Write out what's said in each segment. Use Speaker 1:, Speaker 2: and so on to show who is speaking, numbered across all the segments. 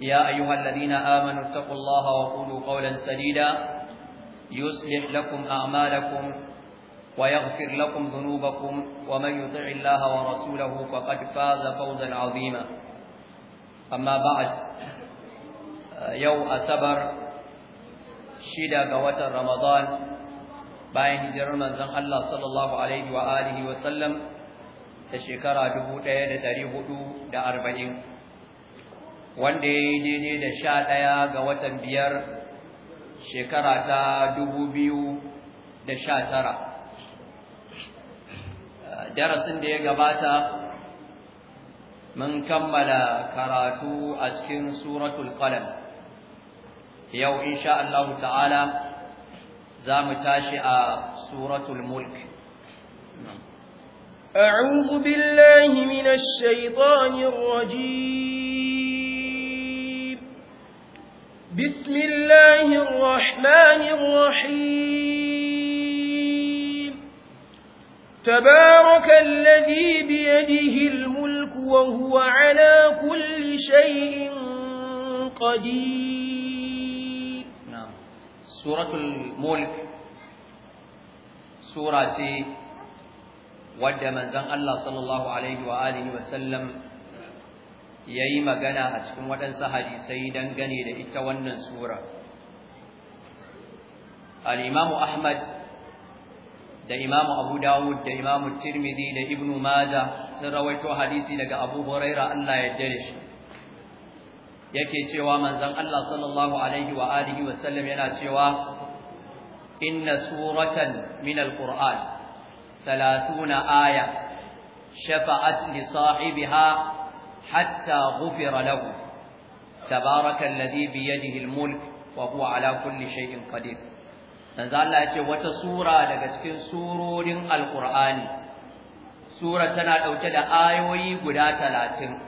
Speaker 1: يا أيها الذين آمنوا اتقوا الله وقولوا قولا سديدا يصلح لكم أعمالكم ويغفر لكم ذنوبكم ومن يطع الله ورسوله فقد فاز فوزا عظيما أما بعد يوم أسبر شدا قوة رمضان باين هجر منزل الله صلى الله عليه وآله وسلم تشكر دبوت يد تاريخ دو دا أربعين wanda ya yi daidai da sha ɗaya ga watan biyar shekara ta dubu biyu da sha tara darasin da ya gabata mun kammala karatu a cikin suratul qalam yau insha Allah ta'ala za mu tashi a suratul mulk
Speaker 2: أعوذ بالله من الشيطان الرجيم بسم الله الرحمن الرحيم تبارك الذي بيده الملك وهو على كل شيء قدير
Speaker 1: نعم سورة الملك سورة ودى من ذن الله صلى الله عليه وآله وسلم ya yi magana a cikin waɗansu hadisai dangane da ita wannan sura al'imamu ahmad da imamu abu dawud da imamu tirmidhi da ibnu maja sun rawaito hadisi daga abu huraira allah ya dare shi yake cewa manzon allah sallallahu alaihi wa alihi wa sallam yana cewa inna suratan min alquran 30 aya shafa'at li sahibiha Hatta غفر له تبارك الذي بيده الملك وهو على كل شيء قدير manzo Allah ya ce wata sura daga cikin surorin Alƙur'ani. sura tana ɗauke da ayoyi guda talatin.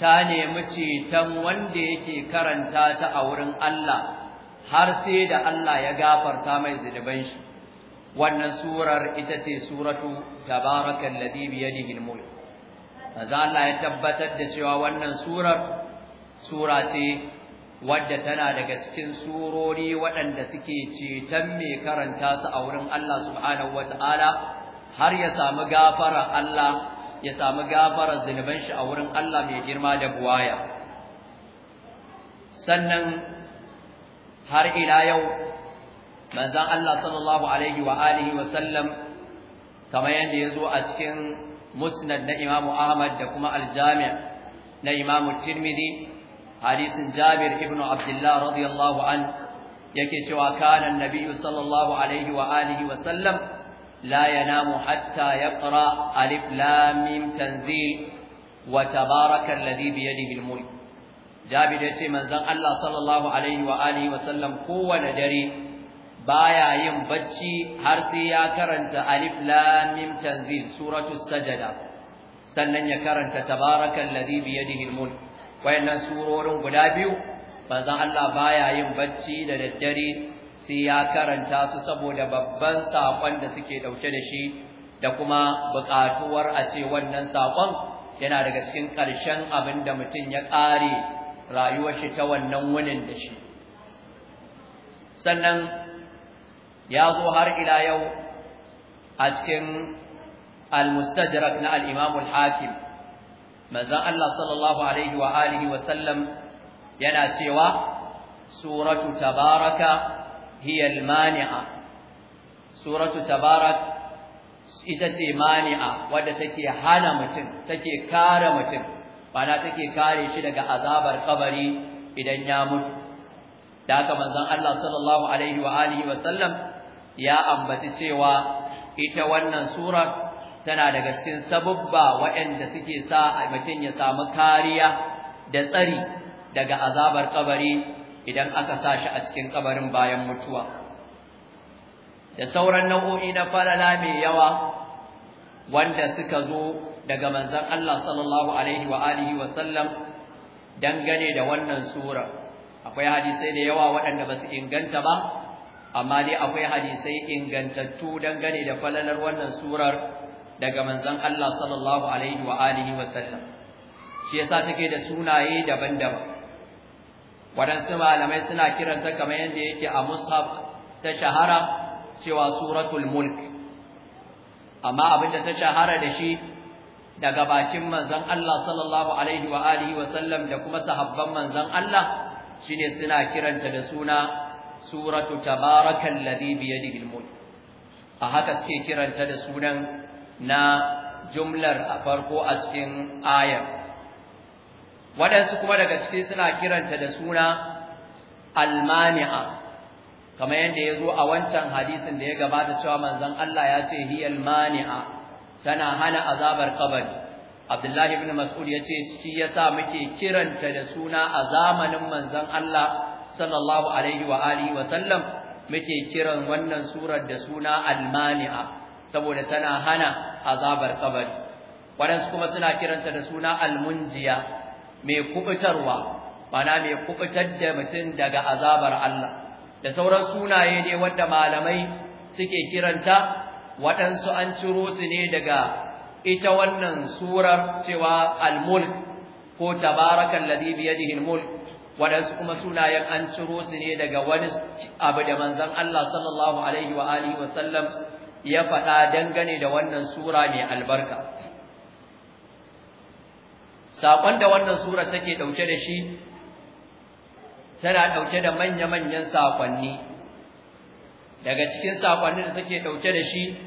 Speaker 1: ta nemi ceton wanda yake karanta ta a wurin Allah har sai da Allah ya gafarta mai zunuban shi wannan surar ita ce suratu tabarakallazi biyadihi almulk maza Allah ya tabbatar da cewa wannan surar sura ce wadda tana daga cikin surori waɗanda suke ceton mai karanta su a wurin Allah subhanahu wata'ala har ya samu gafara Allah ya samu gafara zunuban shi a wurin Allah mai girma da buwaya sannan har ila yau manzon Allah sallallahu alaihi wa alihi wa sallam kamar yadda ya zo a cikin musnad na Imam ahmad da kuma aljami' na imamu tirmidhi hadisin jabir ibn abdullah radiyallahu an yake cewa kana annabiyyu sallallahu alaihi wa alihi wa sallam la yanamu hatta yaqra alif lam mim tanzil wa tabaraka alladhi bi yadihi almulk jabir yace manzon Allah sallallahu alaihi wa alihi wa sallam kowane dare baya yin bacci har sai ya karanta alif lam mim tanzil suratu sajada sannan ya karanta tabarakal ladhi bi yadihi almulk wayannan surorin guda biyu bazan Allah baya yin bacci da daddare sai ya karanta su saboda babban sakon da suke dauke da shi da kuma buƙatuwar a ce wannan sakon yana daga cikin ƙarshen abin da mutum ya ƙare rayuwar shi ta wannan wunin da shi sannan ya zo har ila yau a cikin al-mustadrak na al-imam al-hakim manzon Allah sallallahu alaihi wa alihi wa sallam yana cewa suratu tabaraka hiya al-mani'a suratu tabarak ita ce mani'a wadda take hana mutum take kare mutum bana take kare shi daga azabar kabari idan ya mutu da haka manzon Allah sallallahu alaihi wa alihi wa sallam ya ambaci cewa ita wannan surar tana daga cikin sabubba waɗanda suke sa mutum ya samu kariya da tsari daga azabar kabari idan aka sa shi a cikin kabarin bayan mutuwa da sauran nau'o'i na falala mai yawa wanda suka zo daga manzon Allah sallallahu alaihi wa alihi wa dangane da wannan sura akwai hadisai da yawa waɗanda ba su inganta ba amma dai akwai hadisai ingantattu dangane da falalar wannan surar daga manzon Allah sallallahu alaihi wa alihi wa sallam shi yasa take da sunaye daban-daban waɗansu malamai suna kiranta kamar yadda yake a mushaf ta shahara cewa suratul mulk amma abinda ta shahara da shi daga bakin manzon Allah sallallahu alaihi wa alihi wa sallam da kuma sahabban manzon Allah shine suna kiranta da suna suratu tabarakal ladhi bi yadihi al-mulk a haka suke kiranta da sunan na jumlar a farko a cikin ayar waɗansu kuma daga ciki suna kiranta da suna almani'a kamar yadda ya zo a wancan hadisin da ya gabata cewa manzon Allah ya ce al mani'a tana hana azabar kabari Abdullahi ibn Mas'ud ya ce shi yasa muke kiranta da suna a zamanin manzon Allah sallallahu alaihi wa alihi wa sallam muke kiran wannan surar da suna almani'a saboda tana hana azabar kabari waɗansu kuma suna kiranta da suna al-munjiya mai kubutarwa bana mai kubutar da mutum daga azabar Allah da sauran sunaye ne wanda malamai suke kiranta waɗansu an ciro su ne daga ita wannan surar cewa al-mulk ko tabarakan ladhi yadihi al-mulk waɗansu kuma sunayen an ciro su ne daga wani abu da manzon Allah sallallahu alaihi wa alihi wa sallam ya faɗa dangane da wannan sura mai albarka saƙon da wannan sura take ɗauke da shi tana ɗauke da manya-manyan saƙonni daga cikin saƙonni da take ɗauke da shi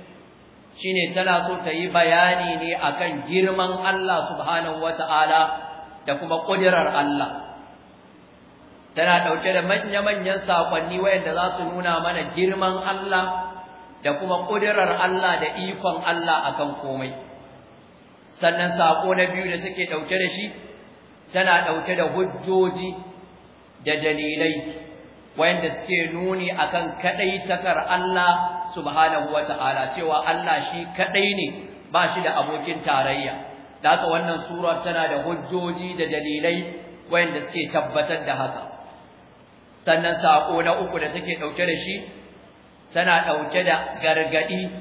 Speaker 1: shine tana so ta yi bayani ne akan girman Allah subhanahu wata'ala da kuma ƙudirar Allah tana ɗauke da manya-manyan sakonni wayanda za su nuna mana girman Allah da kuma ƙudurar Allah da ikon Allah a kan komai sannan saƙo na biyu da take ɗauke da shi tana ɗauke da hujjoji da dalilai wayanda suke nuni akan kaɗai takar Allah subhanahu ta’ala cewa Allah shi kaɗai ne ba shi da abokin tarayya daga wannan sura tana da hujjoji da dalilai wayanda suke tabbatar da haka sannan sako na uku da take dauke da shi tana dauke da gargadi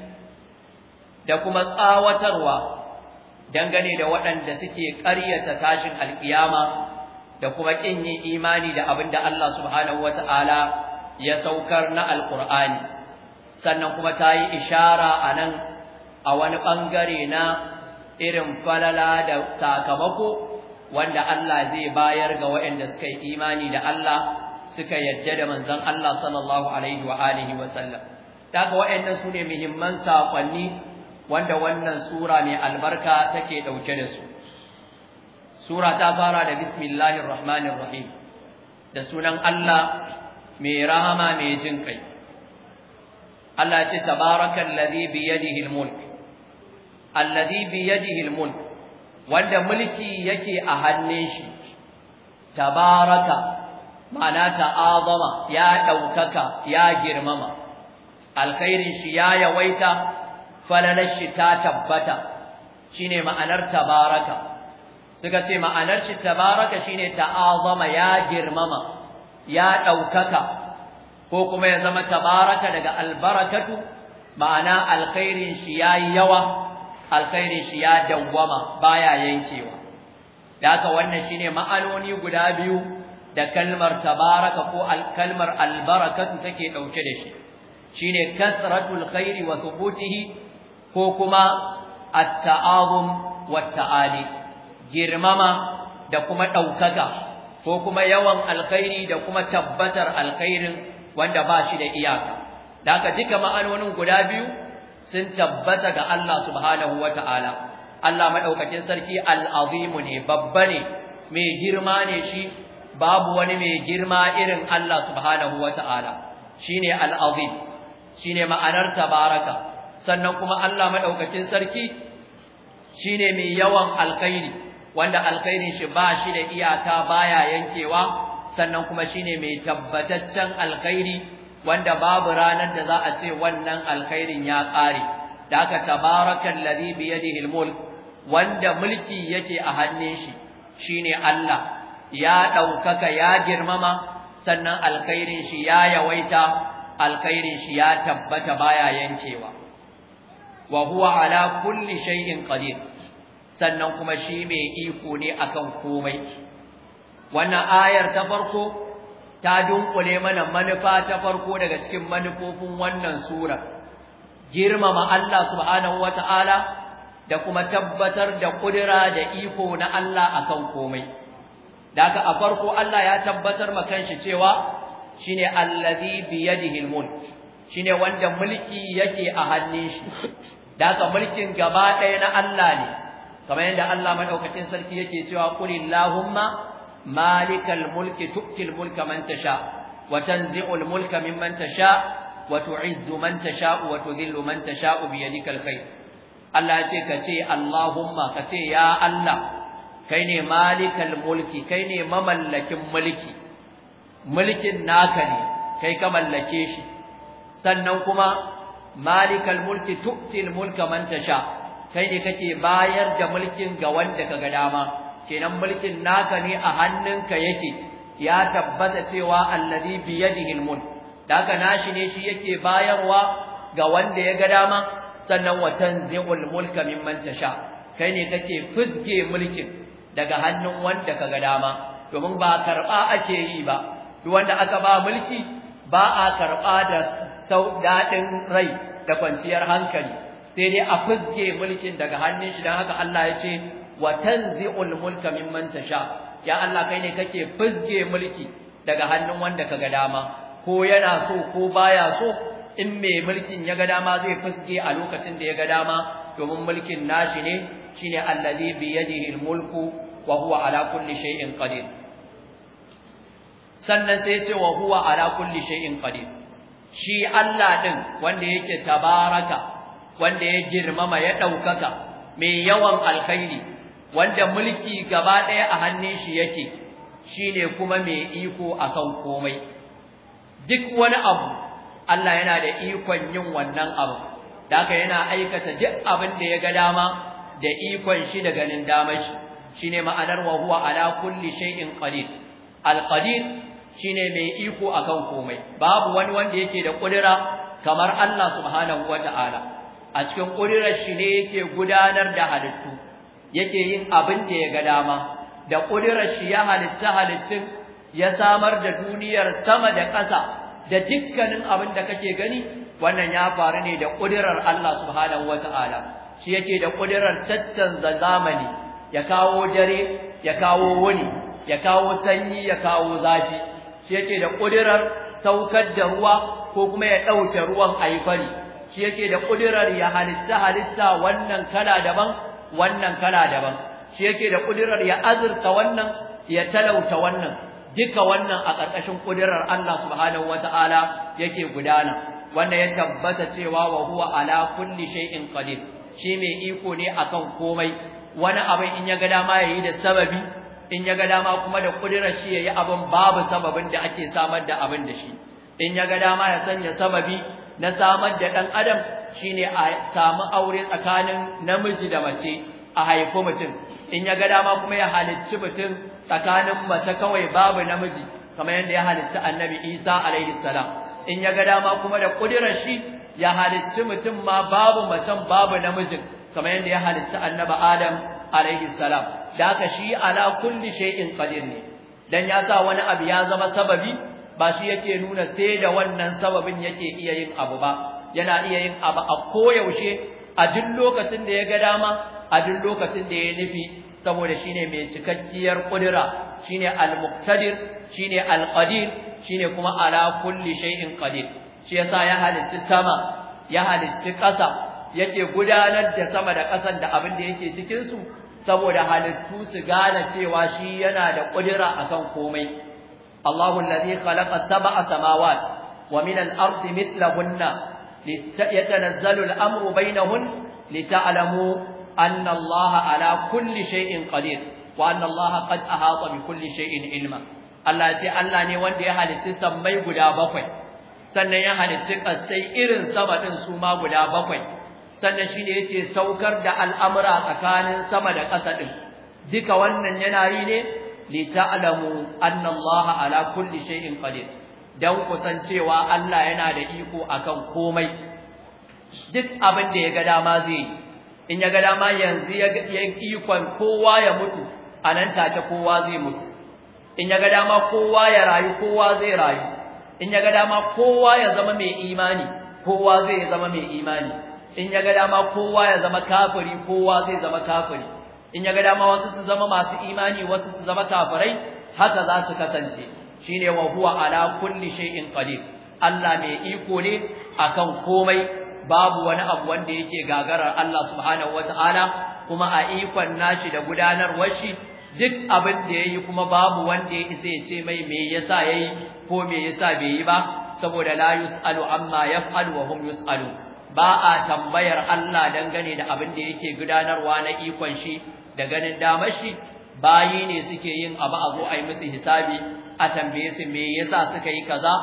Speaker 1: da kuma tsawatarwa dangane da waɗanda suke ƙaryata tashin alkiyama da kuma ƙin yi imani da abin da Allah subhanahu wata'ala ya saukar na alqur'ani sannan kuma ta yi ishara a nan, a wani ɓangare na irin falala da sakamako wanda Allah zai bayar ga waɗanda suka yi imani da Allah suka yadda da manzon Allah sallallahu alaihi wa alihi wa sallam daga waɗannan sune muhimman sakonni wanda wannan sura mai albarka take dauke da su sura ta fara da bismillahir rahmanir rahim da sunan Allah mai rahama mai jin kai Allah ce tabarakal ladhi bi yadihi al-mulk alladhi bi yadihi al-mulk wanda mulki yake a hannun shi tabaraka ma'ana ta'azama ya ɗaukaka ya girmama alkhairin shi ya yawaita falalar shi ta tabbata shine ma'anar tabaraka suka ce ma'anar shi tabaraka shine ta'azama ya girmama ya ɗaukaka ko kuma ya zama tabaraka daga albarakatu ma'ana alkhairin shi ya yawa alkhairin shi ya dawwama baya yankewa da haka wannan shine ma'anoni guda biyu da kalmar tabaraka ko kalmar albarakatu take dauke da shi shine kasratul khairi wa thubutihi ko kuma at-ta'awum wa ta'ali girmama da kuma daukaka ko kuma yawan alkhairi da kuma tabbatar alkhairin wanda ba shi da iyaka daga duka ma'anonin guda biyu sun tabbata ga Allah subhanahu ta'ala. Allah madaukakin sarki al-azimu ne babba ne mai girma ne shi babu wani mai girma irin Allah subhanahu shi ne al shi ne ma'anar tabaraka sannan kuma Allah maɗaukacin sarki ne mai yawan alkhairi wanda alkhairin shi ba shi da iyaka baya yankewa sannan kuma shine mai tabbataccen alkhairi wanda babu ranar da za a ce wannan alkhairin ya ƙare da aka tabarakan ladhi bi yadihi wanda mulki yake a hannun shi shine Allah ya ɗaukaka ya girmama sannan alkhairin shi ya yawaita alkhairin shi ya tabbata baya yankewa wa huwa ala kulli shay'in qadir sannan kuma shi mai iko ne akan komai wannan ayar ta farko ta dunkule mana manufa ta farko daga cikin manufofin wannan sura girmama Allah subhanahu wata'ala da kuma tabbatar da kudura da iko na Allah akan komai daga a farko Allah ya tabbatar ma kanshi cewa ne allazi bi yadihi Shi ne wanda mulki yake a hannun shi daga mulkin gaba ɗaya na Allah ne kamar yadda Allah maɗaukacin sarki yake cewa lahumma, malikal mulki tu'til mulka man tasha wa tanzi'ul mulka mimman tasha وتعز من تشاء وتذل من تشاء بيدك الخير الله يجي كتي اللهم كتي ya Allah. kai ne malikal mulki kai ne mamallakin mulki mulkin naka ne kai ka mallake shi sannan kuma malikal mulki tu'til mulka man tasha kai ne kake bayar da mulkin ga wanda kaga dama kenan mulkin naka ne a hannunka yake ya tabbata cewa alladhi bi yadihi almulk daga nashi ne shi yake bayarwa ga wanda ya ga dama sannan wa tanzi'ul mulka mimman tasha kai ne kake fizge mulkin daga hannun wanda kaga dama domin ba karba ake yi ba duk wanda aka ba mulki ba a karba da sau dadin rai da kwanciyar hankali sai dai a fizge mulkin daga hannun shi dan haka Allah ya ce wa tanzi'ul mulka mimman tasha ya Allah kai ne kake fizge mulki daga hannun wanda kaga dama ko yana so ko baya so in mai mulkin ya ga dama zai fizge a lokacin da ya ga dama domin mulkin nashi ne shine allazi bi yadihi al-mulku wa huwa ala kulli shay'in qadir sannan sai ce wa huwa ala kulli shay'in qadir shi Allah din wanda yake tabaraka wanda ya girmama ya daukaka mai yawan alkhairi wanda mulki gaba daya a hannun shi yake shine kuma mai iko akan komai duk wani abu Allah yana da ikon yin wannan abu da yana aikata duk abin da ya ga dama da ikon shi daga nan damar shi shine ma'anar wa ala kulli shay'in qadir al shi shine mai iko akan komai babu wani wanda yake da kudura kamar Allah subhanahu wata'ala a cikin kudurar shi ne yake gudanar da halittu yake yin abin da ya ga dama da kudurar shi ya halitta halittun ya samar da duniyar sama da ƙasa da dukkanin abin da kake gani wannan ya faru ne da kudurar Allah subhanahu wata'ala shi yake da kudurar caccanza zamani ya kawo dare ya kawo wuni ya kawo sanyi ya kawo zafi shi yake da kudirar saukar da ruwa ko kuma ya ɗauke ruwan yi fari shi yake da kudirar ya halitta halitta wannan kala daban wannan kala daban shi yake da kudirar ya azurta wannan ya talauta wannan duka wannan a ƙarƙashin kudirar Allah subhanahu wataala yake gudana wanda ya tabbata cewa wa huwa ala kulli shay'in qadir shi mai iko ne akan komai wani abin in ya ga dama yayi da sababi in ya ga dama kuma da kudirar shi yayi abin babu sababin da ake samar da abin da shi in ya ga dama ya sanya sababi na samar da ɗan adam shine a samu aure tsakanin namiji da mace a haifi mutum in ya ga dama kuma ya halicci mutum tsakanin mace kawai babu namiji kamar yadda ya halicci annabi Isa alaihi salam in ya ga dama kuma da kudirar shi ya halicci mutum ma babu macen babu namiji. kamar yadda ya halicci annaba Adam alaihi salam da haka shi ala kulli shay'in qadir ne dan ya sa wani abu ya zama sababi ba shi yake nuna sai da wannan sababin yake iya yin abu ba yana iya yin abu a koyaushe a duk lokacin da ya ga dama a duk lokacin da ya nufi saboda shine mai cikakkiyar kudura shine al-muqtadir shine al-qadir shine kuma ala kulli shay'in qadir shi yasa ya halicci sama ya halicci ƙasa yake gudanar da sama da ƙasan da abin da yake cikin su saboda halittu su gane cewa shi yana da ƙudura akan komai Allahu allazi khalaka sab'a samawat wa min al-ardi mithlahunna يتنزل الأمر بينهن لتعلموا أن الله على كل شيء قدير وأن الله قد أحاط بكل ilma. Allah ya ce Allah ne wanda ya حالتي سمي guda bakwai sannan ya halitti kasai irin sama din su ma guda bakwai sannan shi ne yake saukar da al'amura tsakanin sama da ƙasa ɗin duka wannan yana yi ne lita'alamu annallaha ala kulli shay'in qadir Don kusancewa Allah yana da iko akan komai duk abin da ya ga dama zai yi in ya ga dama yanzu ya ikon kowa ya mutu a nan take kowa zai mutu in ya ga dama kowa ya rayu kowa zai rayu in ya ga dama kowa ya zama mai imani kowa zai zama mai imani in ya ga dama kowa ya zama kafiri kowa zai zama kafiri in ya ga dama wasu su zama masu imani wasu su zama kafirai haka za su kasance shine wa huwa ala kulli shay'in qadir Allah mai iko ne akan komai babu wani abu wanda yake gagarar Allah subhanahu wataala kuma a ikon nashi da gudanarwar shi duk abin da yayi kuma babu wanda ya isa ya ce mai me yasa yayi ko me yasa bai yi ba saboda la yusalu amma yaf'alu wa hum yusalu ba a tambayar Allah dangane da abin da yake gudanarwa na ikon shi da ganin damar shi bayi ne suke yin abu a zo a yi musu hisabi a tambaye su me yasa suka yi kaza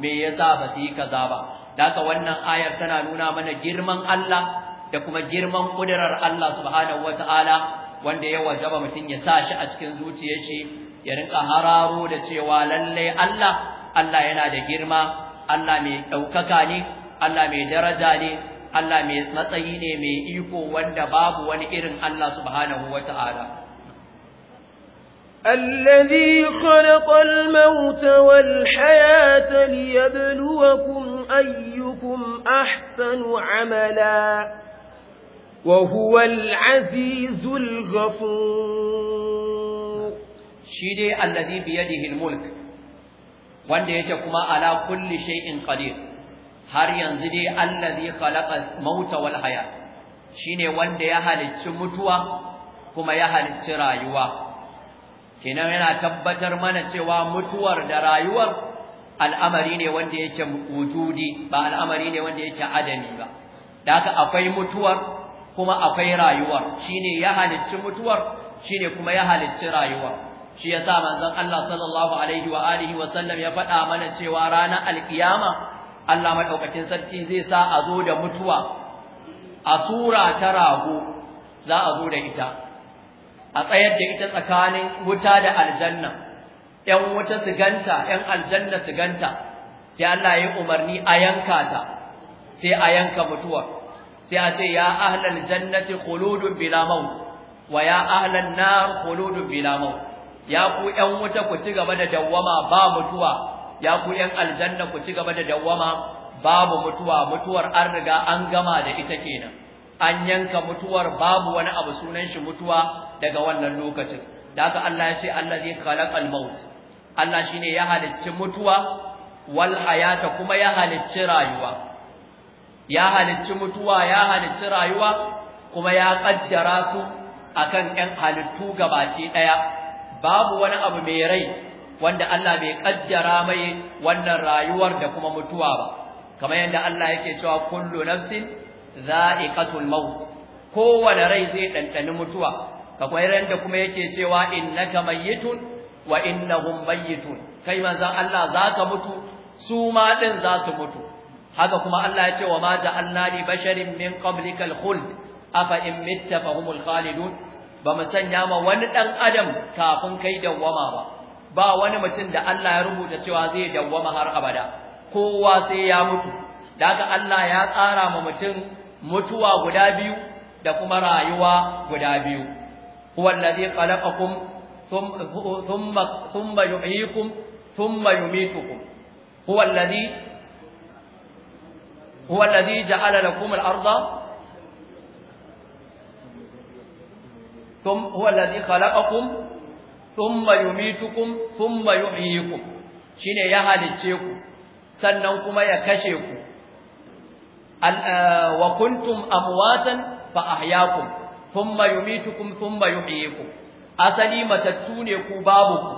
Speaker 1: me yasa ba su yi kaza ba daga wannan ayar tana nuna mana girman Allah da kuma girman kudirar Allah subhanahu wataala wanda ya wajaba mutum ya sa shi a cikin zuciyar shi ya rinka hararo da cewa lallai Allah Allah yana da girma Allah mai ɗaukaka ne Allah mai daraja ne Allah mai matsayi ne mai iko wanda babu wani irin Allah subhanahu wata'ala
Speaker 2: الذي خلق الموت والحياة ليبلوكم أيكم أحسن عملا وهو العزيز الغفور
Speaker 1: شيدي الذي بيده الملك وانده يتكما على كل شيء قدير har yanzu dai Allah zai khalaqa mauta wal haya shine wanda ya halicci mutuwa kuma ya halicci rayuwa kenan yana tabbatar mana cewa mutuwar da rayuwar al'amari ne wanda yake wujudi ba al'amari ne wanda yake adami ba da haka akwai mutuwar kuma akwai rayuwar shine ya halicci mutuwar shine kuma ya halicci rayuwar shi yasa manzon Allah sallallahu alaihi wa alihi wa sallam ya faɗa mana cewa ranar alkiyama Allah madaukakin sarki zai sa a zo da mutuwa a sura ta rago za a zo da ita a tsayar da ita tsakanin wuta da aljanna ɗan wuta su ganta ɗan aljanna su ganta sai Allah ya umarni a yanka ta sai a yanka mutuwa sai a ce ya ahlal jannati khuludun bila maut wa ya ahlan nar khuludun bila maut ya ku ɗan wuta ku ci gaba da dawwama ba mutuwa ya ku yan aljanna ku ci gaba da dawwama babu mutuwa mutuwar an riga an gama da ita kenan an yanka mutuwar babu wani abu sunan shi mutuwa daga wannan lokacin da haka Allah ya ce allazi khalaqal maut Allah shine ya halicci mutuwa wal hayata kuma ya halicci rayuwa ya halicci mutuwa ya halicci rayuwa kuma ya kaddara su akan 'yan halittu gabaci daya babu wani abu mai rai wanda Allah bai kaddara mai wannan rayuwar da kuma mutuwa ba kamar yadda Allah yake cewa kullu nafsin za'iqatul maut kowane rai zai ɗanɗani mutuwa kamar yadda kuma yake cewa innaka mayyitun wa innahum mayyitun kai manzon Allah zaka mutu su ma din za su mutu haka kuma Allah ya ce wa ma ja'alna li basharin min qablikal khuld afa in mitta fahumul khalidun ba mu sanya ma wani dan adam kafin kai dawwama ba ba wani mutum da Allah ya rubuta cewa zai dawwama har abada kowa sai ya mutu daga Allah ya tsara ma mutum mutuwa guda biyu da kuma rayuwa guda biyu huwa allazi khalaqakum thumma thumma yuhyikum thumma yumitukum huwa allazi huwa allazi ja'ala lakum al-ardha thumma huwa الذي خلقكم thumma yumitukum thumma yuhyikum shine ya halice ku sannan kuma ya kashe ku eh, wa kuntum amwatan fa ahyaakum thumma yumitukum thumma yuhyikum asali matattu ne ku babu ku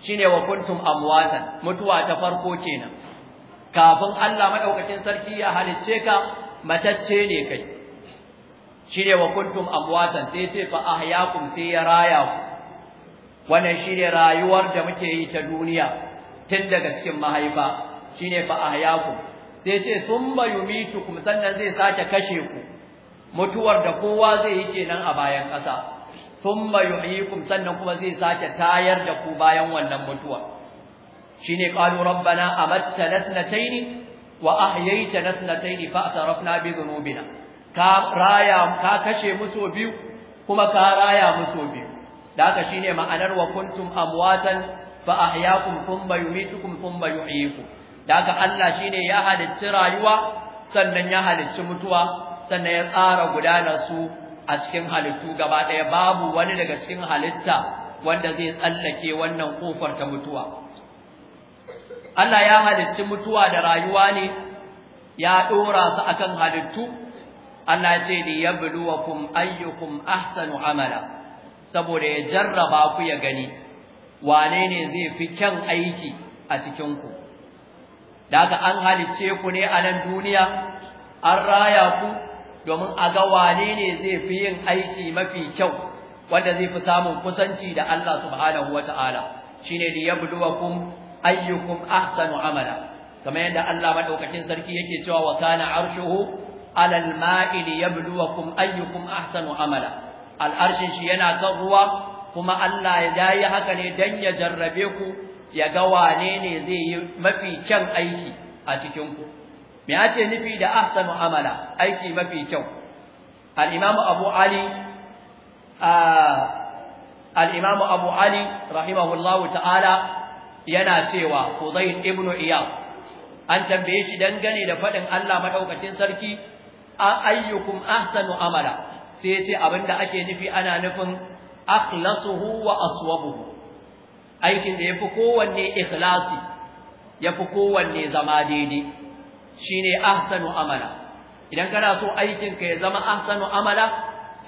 Speaker 1: shine wa kuntum amwatan mutuwa ta farko kenan kafin Allah madaukakin sarki ya halice ka matacce ne kai shine wa kuntum amwatan sai sai fa ahyaakum sai ya raya ku wannan shine rayuwar da muke yi ta duniya tun daga cikin mahaifa shine fa ahyakum sai ce thumma kuma sannan zai sake kashe ku mutuwar da kowa zai yi kenan a bayan ƙasa thumma yuhyikum sannan kuma zai sake tayar da ku bayan wannan mutuwa shine qalu rabbana amattana thnatayn wa ahyaytana thnatayn fa atarafna bi dhunubina ka raya ka kashe musu biyu kuma ka raya musu biyu da shine ma'anar wa kuntum amwatan fa ahyaakum thumma yumeetukum thumma yuhyikum da Allah shine ya halicci rayuwa sannan ya halicci mutuwa sannan ya tsara gudanar su a cikin halittu gaba ɗaya babu wani daga cikin halitta wanda zai tsallake wannan kofar ta mutuwa
Speaker 2: Allah ya halicci
Speaker 1: mutuwa da rayuwa ne ya dora su akan halittu Allah ya ce li yabluwakum ayyukum ahsanu amala saboda ya jarraba ku ya gani wane ne zai fi kyan aiki a cikin ku daga an halice ku ne a nan duniya an raya ku domin a ga wane ne zai fi yin aiki mafi kyau wanda zai fi samun kusanci da Allah subhanahu ta'ala shine liyabluwakum ayyukum ahsanu amala kamar yadda Allah madaukakin sarki yake cewa wa kana arshuhu alal ma'i liyabluwakum ayyukum ahsanu amala al'arshin shi yana kan ruwa kuma Allah ya yi haka ne dan ya jarrabe ku ya ga wane ne zai yi mafi kyan aiki a cikin ku me ake nufi da ahsanu amala aiki mafi kyau al-imam Abu Ali al-imam Abu Ali rahimahullahu ta'ala yana cewa Uzayd ibn Iyad an tambaye shi dangane da faɗin Allah madaukakin sarki ayyukum ahsanu amala sai ce abinda ake nufi ana nufin akhlasuhu wa aswabuhu aikin da yafi kowanne ikhlasi yafi kowanne zama daidai shine ahsanu amala idan kana so aikin ka ya zama ahsanu amala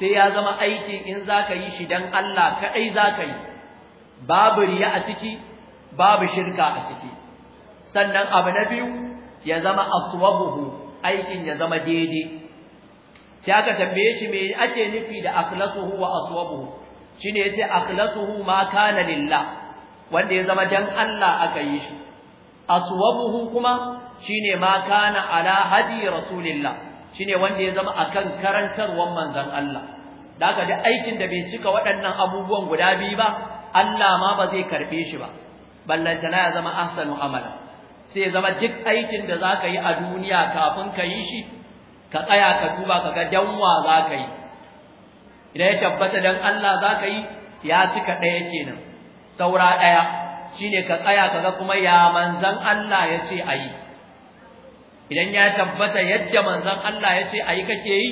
Speaker 1: sai ya zama aiki in zaka yi shi dan Allah kadai zaka yi babu riya a ciki babu shirka a ciki sannan abu na biyu ya zama aswabuhu aikin ya zama daidai sai aka tambaye shi me ake nufi da akhlasuhu wa aswabuhu shine yace akhlasuhu ma kana lillah wanda ya zama dan Allah aka yi shi aswabuhu kuma shine ma kana ala hadi rasulillah shine wanda ya zama akan karantarwan manzon Allah da aka ji aikin da bai cika waɗannan abubuwan guda biyu ba Allah ma ba zai karbe shi ba ballantana ya zama ahsanu amala sai ya zama duk aikin da zaka yi a duniya kafin ka yi shi ka tsaya ka duba ka ga danwa za ka yi idan ya tabbata dan Allah za ka yi ya cika ɗaya kenan saura ɗaya shi ne ka tsaya ka ga kuma ya manzan Allah ya ce a yi idan ya tabbata yadda manzan Allah ya ce a yi kake yi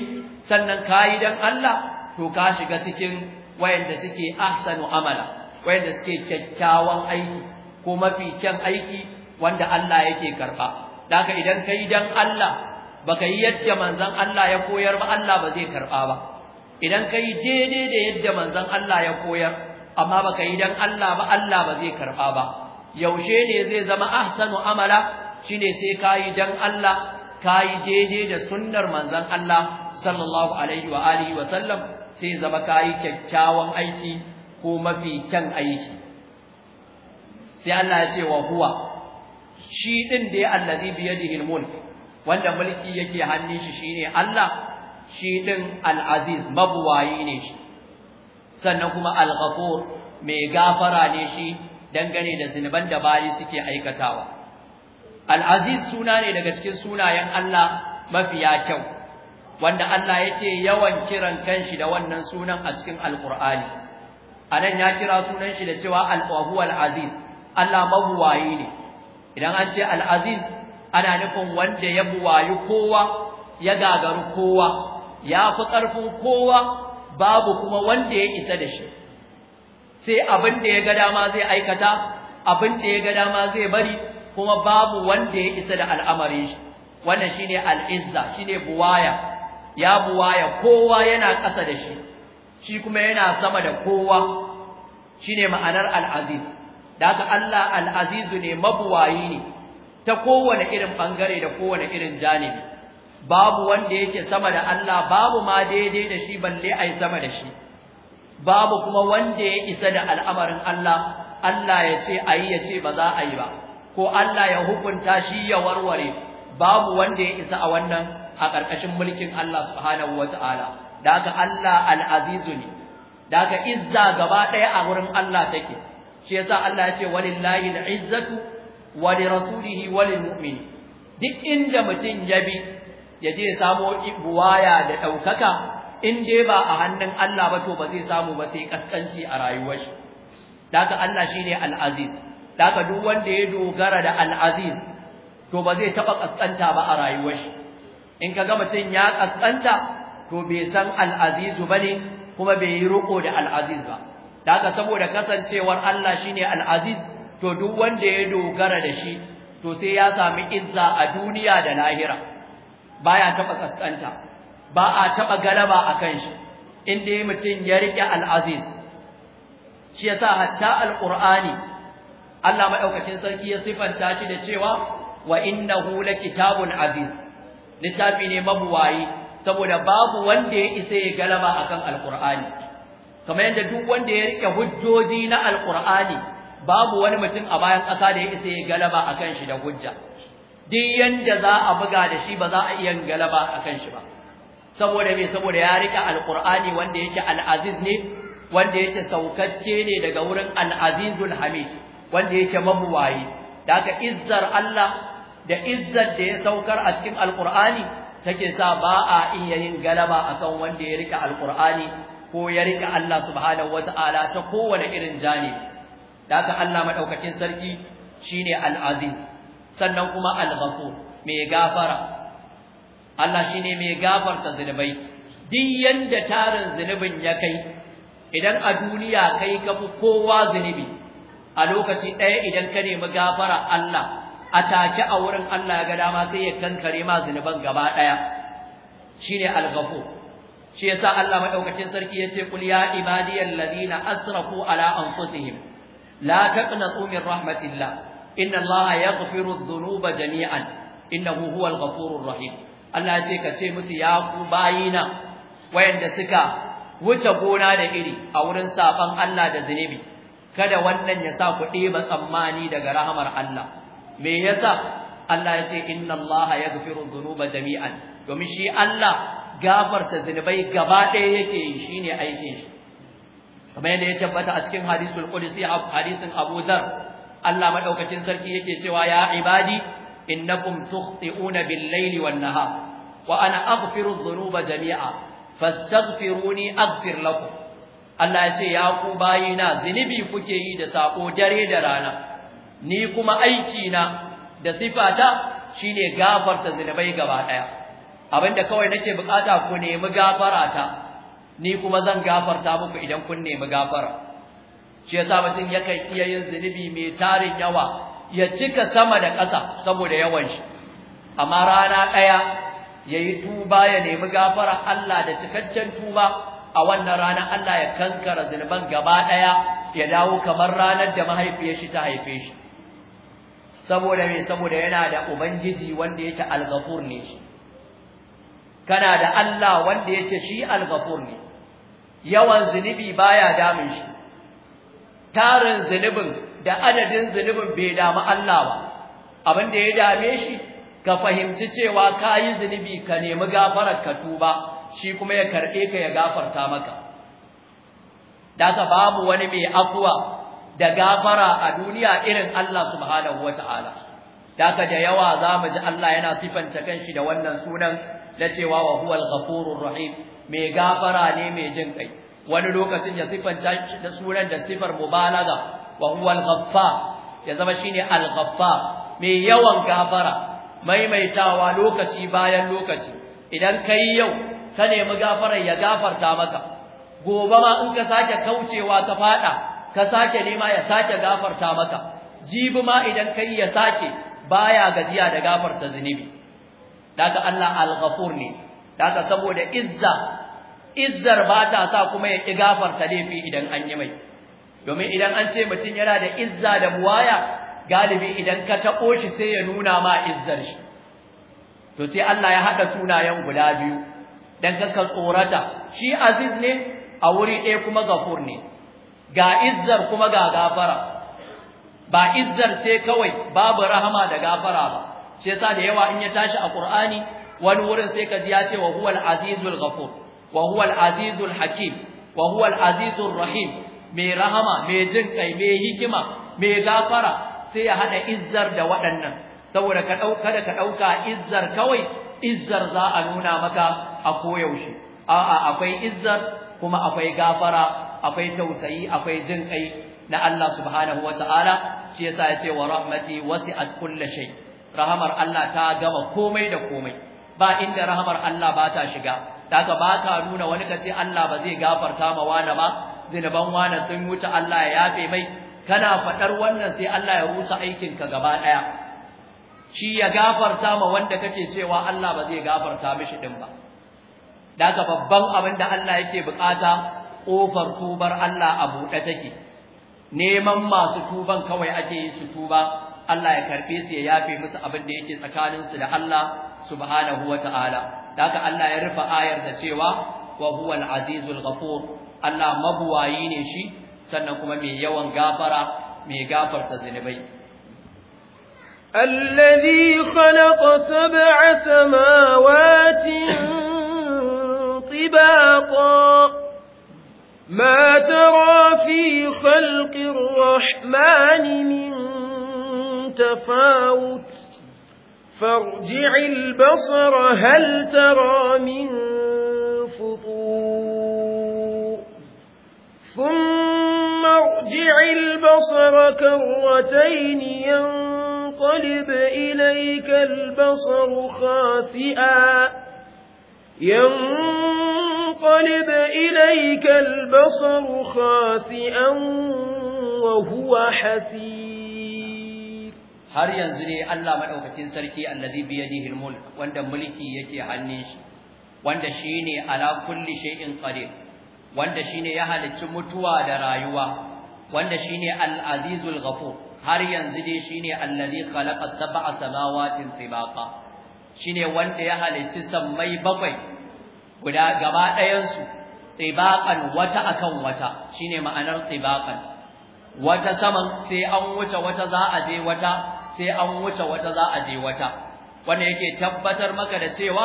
Speaker 1: sannan ka yi dan Allah to ka shiga cikin wayanda suke ahsanu amala wayanda suke kyakkyawan aiki ko mafi kyan aiki wanda Allah yake karɓa daga idan yi dan Allah baka yi yadda manzon Allah ya koyar ba Allah ba zai karba ba idan kai daidai da yadda manzon Allah ya koyar amma baka yi dan Allah ba Allah ba zai karba ba yaushe ne zai zama ahsanu amala shine sai kai dan Allah kai daidai da sunnar manzon Allah sallallahu alaihi wa alihi wa sallam sai zama kai kyakkyawan aiki ko mafi kyan aiki sai Allah ya ce wa huwa shi din da allazi bi yadihi al-mulk wanda mulki yake hannun shi shine Allah shi din al-aziz mabuwayi ne shi sannan kuma al-ghafur mai gafara ne shi dangane da zinuban da bayi suke aikatawa al-aziz suna ne daga cikin sunayen Allah mafiya kyau wanda Allah yake yawan kiran kanshi da wannan sunan a cikin al-Qur'ani anan ya kira sunan shi da cewa al-aziz Allah mabuwayi ne idan an ce al-aziz ana nufin wanda ya buwayi kowa ya gagaru kowa ya fi ƙarfin kowa babu kuma wanda ya isa da shi sai abin da ya ga dama zai aikata abin da ya ga dama zai bari kuma babu wanda ya isa da al'amarin shi wannan shine al'izza shine buwaya ya buwaya kowa yana ƙasa da shi shi kuma yana sama da kowa shine ma'anar al'aziz da haka Allah al'azizu ne mabuwayi ne ta kowane irin bangare da kowane irin janibi babu wanda yake sama da Allah babu ma daidai da shi balle ai sama da shi babu kuma wanda ya isa da al'amarin Allah Allah ya ce ayi ya ce ba za a yi ba ko Allah ya hukunta shi ya warware babu wanda ya isa a wannan a ƙarƙashin mulkin Allah subhanahu wata'ala da haka Allah al'azizu ne da haka izza gaba ɗaya a wurin Allah take shi yasa Allah ya ce walillahi al'izzatu wa li rasulihi wa lil mu'mini duk inda mutum ya bi ya je samo buwaya da daukaka in dai ba a hannun Allah ba to ba zai samu ba sai kaskanci a rayuwar shi daga Allah shine al-aziz daga duk wanda ya dogara da al-aziz to ba zai taba kaskanta ba a rayuwar shi in kaga mutum ya kaskanta to bai san al-aziz bane kuma bai yi roko da al-aziz ba daga saboda kasancewar Allah shine al-aziz to duk wanda ya dogara da shi to sai ya sami izza a duniya da lahira baya taba kaskanta ba a taba galaba akan shi inda mutum ya rike al-aziz shi yasa hatta al-qur'ani Allah madaukakin sarki ya sifanta shi da cewa wa innahu kitabun aziz littafi ne mabuwayi saboda babu wanda ya isa ya galaba akan al-qur'ani kamar yadda duk wanda ya rike hujjoji na al-qur'ani babu wani mutum a bayan ƙasa da ya isa ya galaba a kan shi da hujja duk yanda za a buga da shi ba za a iya galaba a kan shi ba saboda me saboda ya riƙe Alƙur'ani wanda yake al'aziz ne wanda yake saukacce ne daga wurin al'azizul hamid wanda yake mabuwayi da haka izzar Allah da izzar da ya saukar a cikin alqur'ani take sa ba a iya yin galaba akan wanda ya riƙe Alƙur'ani ko ya riƙe Allah subhanahu wata'ala ta kowane irin jani da Allah madaukakin sarki shine al-aziz sannan kuma al-ghafur mai gafara Allah shine mai gafarta zunubai duk yanda tarin zinubin ya kai idan a duniya kai ka fi kowa zinubi a lokaci ɗaya idan ka nemi gafara Allah a take a wurin Allah ya ga dama sai ya kankare ma zinuban gaba ɗaya shine al-ghafur shi yasa Allah madaukakin sarki yace kul ya ibadiyal ladina asrafu ala anfusihim la taqnatu min rahmatillah inna allaha yaghfiru dhunuba jami'an innahu huwal ghafurur rahim Allah ya ce ka ce musu ya ku bayina wayanda suka wuce gona da iri a wurin safan Allah da zunubi kada wannan ya sa ku ɗeba tsammani daga rahmar Allah me yasa Allah ya ce inna Allah yaghfiru dhunuba jami'an domin shi Allah gafarta zunubai gaba ɗaya yake yi shine aikin shi kamar yadda ya tabbata a cikin hadisul qudsi hadisin Abu Dharr Allah madaukakin sarki yake cewa ya ibadi innakum tukhti'una bil-laili wan-nahar wa ana aghfiru dhunuba jami'a fastaghfiruni aghfir lakum Allah ya ce ya ku bayina zinubi kuke yi da sako dare da rana ni kuma aiki na da sifata shine gafarta zinubai gaba daya abinda kawai nake bukata ku nemi gafarata ni kuma zan gafarta muku idan kun nemi gafara shi yasa mutum yakan iya yin zunubi mai tarin yawa ya cika sama da ƙasa saboda yawan shi amma rana ɗaya ya yi tuba ya nemi gafara Allah da cikakken tuba a wannan rana Allah ya kankara zunuban gaba ɗaya ya dawo kamar ranar da mahaifiyar shi ta haife shi saboda me saboda yana da ubangiji wanda yake al ne shi kana da Allah wanda yake shi al ne yawan zunubi baya damun shi tarin zunubin da adadin zunubin bai damu Allah ba abin da ya dame shi ka fahimci cewa ka yi zunubi ka nemi gafarar ka tuba shi kuma ya karɓe ka ya gafarta maka daga babu wani mai afuwa da gafara a duniya irin Allah subhanahu wata'ala daga da yawa zamu ji Allah yana sifanta kanshi da wannan sunan na cewa wa huwal ghafurur rahim mai gafara ne mai jin kai wani lokacin ya sifanta da sunan da sifar mubalaga wa huwa al ghaffa ya zama shine al ghaffa mai yawan gafara maimaitawa lokaci bayan lokaci idan kai yau ka nemi gafarar ya gafarta maka gobe ma in ka sake kaucewa ka fada ka sake nema ya sake gafarta maka jibi ma idan kai ya sake baya gajiya da gafarta zunubi daga Allah al-ghafur ne daga saboda izza izzar ba ta sa kuma ya ƙi gafarta laifi idan an yi mai domin idan an ce mutum yana da izza da buwaya galibi idan ka taɓo shi sai ya nuna ma izzar shi to sai Allah ya haɗa sunayen guda biyu dan kakka tsorata shi aziz ne a wuri ɗaya kuma gafur ne ga izzar kuma ga gafara ba izzar ce kawai babu rahama da gafara ba shi yasa da yawa in ya tashi a Qur'ani wani wurin sai ka ji ya ce wa huwal azizul ghafur wa huwa al-azizul hakim wa huwa rahim mai rahama mai jin kai mai hikima mai gafara sai ya haɗa izzar da waɗannan saboda ka dauka da ka dauka izzar kawai izzar za a nuna maka a koyaushe a'a akwai izzar kuma akwai gafara akwai tausayi akwai jin kai na Allah subhanahu wataala shi yasa yace wa rahmati wasi'at kulli shay rahamar Allah ta gama komai da komai ba inda rahamar Allah ba ta shiga daga ba ka nuna wani ka Allah ba zai gafarta ma wani ba zinaban wani sun wuce Allah ya yafe mai kana faɗar wannan sai Allah ya rusa aikin ka gaba ɗaya shi ya gafarta ma wanda kake cewa Allah ba zai gafarta mishi din ba daga babban abin da Allah yake bukata kofar tubar Allah a buɗe take neman masu tuban kawai ake yi su tuba Allah ya karbe su ya yafe musu abin da yake tsakaninsu da Allah subhanahu wataala kaga Allah ya rufe ayar da cewa wa huwal azizul ghafur Allah mabuwayi ne shi sannan kuma mai yawan gafara mai gafarta zinubai
Speaker 2: الذي خلق سبع سماوات طباقا ما ترى في خلق الرحمن من تفاوت فارجع البصر هل ترى من فطور ثم ارجع البصر كرتين ينقلب إليك البصر خاسئا ينقلب إليك البصر خاسئا وهو حسين
Speaker 1: har yanzu ne Allah madaukakin sarki allazi bi yadihi wanda mulki yake hannun shi wanda shine ala kulli shay'in qadir wanda shine ya halicci mutuwa da rayuwa wanda shine al ghafur har yanzu dai shine allazi khalaqa sab'a samawatin tibaqa shine wanda ya halicci sammai bakwai guda gaba ɗayan su tibaqan wata akan wata shine ma'anar tibaqan wata saman sai an wuce wata za a je wata sai an wuce wata za a je wata wanda yake tabbatar maka da cewa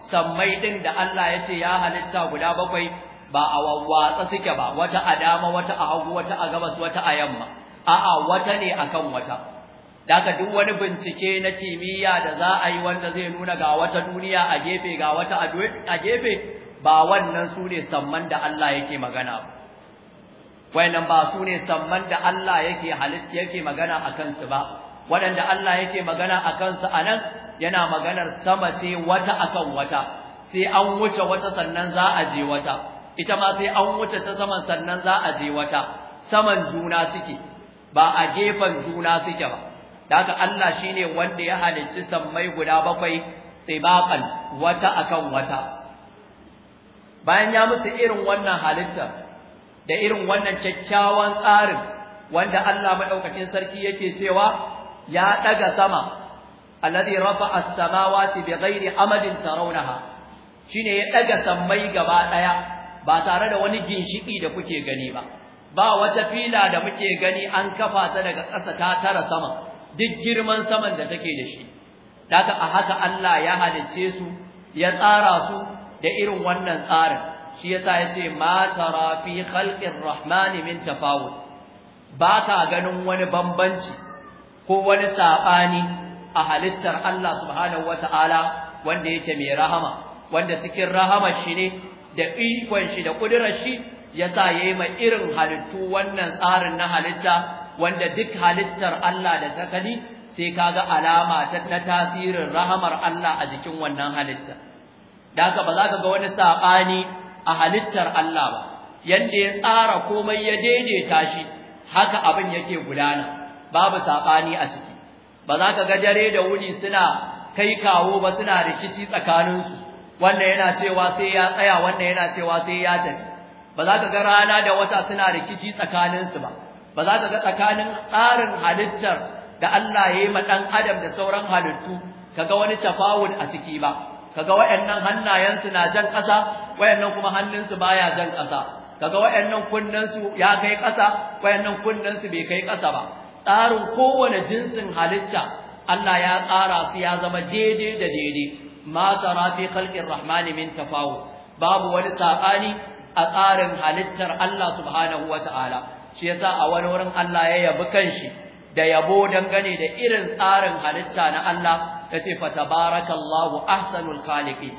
Speaker 1: sammai din da Allah ya ce ya halitta guda bakwai ba a wawwatsa suke ba wata a dama wata a hagu wata a gabas wata a yamma a'a wata ne akan wata daga duk wani bincike na kimiyya da za a yi wanda zai nuna ga wata duniya a gefe ga wata a gefe ba wannan su ne samman da Allah yake magana ba wayannan ba su ne samman da Allah yake halitta yake magana akan su ba waɗanda Allah yake magana a kansu a nan yana maganar sama ce wata akan wata sai an wuce wata sannan za a je wata ita ma sai an wuce ta saman sannan za a je wata saman juna suke ba a gefen juna suke ba da haka Allah shine wanda ya halicci sammai guda bakwai tsibaqan wata akan wata bayan ya musu irin wannan halitta da irin wannan kyakkyawan tsarin wanda Allah madaukakin sarki yake cewa ya ɗaga sama alladhi rafa'a as-samawati bighairi amadin tarawnaha shine ya daga sammai gaba daya ba tare da wani ginshiki da kuke gani ba ba wata fila da muke gani an kafa ta daga ƙasa ta tara sama duk girman saman da take da shi daga a haka Allah ya halice su ya tsara su da irin wannan tsarin shi yasa yace ma tara fi khalqir rahmani min tafawut ba ta ganin wani bambanci ko wani saɓani a halittar Allah subhanahu wata'ala wanda yake mai rahama wanda cikin rahama shi ne da ikon shi da ƙudurar shi ya sa ya yi irin halittu wannan tsarin na halitta wanda duk halittar Allah da ta kani sai kaga alama ta na tasirin rahamar Allah a jikin wannan halitta da haka ba za ka ga wani saɓani a halittar Allah ba yanda ya tsara komai ya daidaita shi haka abin yake gudana babu sabani a ciki ba za ka ga dare da wuni suna kai kawo ba suna rikici tsakaninsu wanda yana cewa sai ya tsaya wanda yana cewa sai ya tafi ba za ka ga rana da wata suna rikici tsakaninsu ba ba za ka ga tsakanin tsarin halittar da Allah ya yi ma ɗan adam da sauran halittu kaga wani tafawun a ciki ba kaga wayannan hannayensu na jan ƙasa wayannan kuma hannunsu baya jan ƙasa kaga wayannan kunnensu ya kai ƙasa wayannan kunnensu bai kai ƙasa ba tsarin kowane jinsin halitta Allah ya tsara su ya zama daidai da daidai ma tara fi khalqir rahmani min babu wani sabani a tsarin halittar Allah subhanahu wataala shi yasa a wani wurin Allah ya yabi kanshi da yabo dangane da irin tsarin halitta na Allah yace fa tabarakallahu ahsanul khaliqin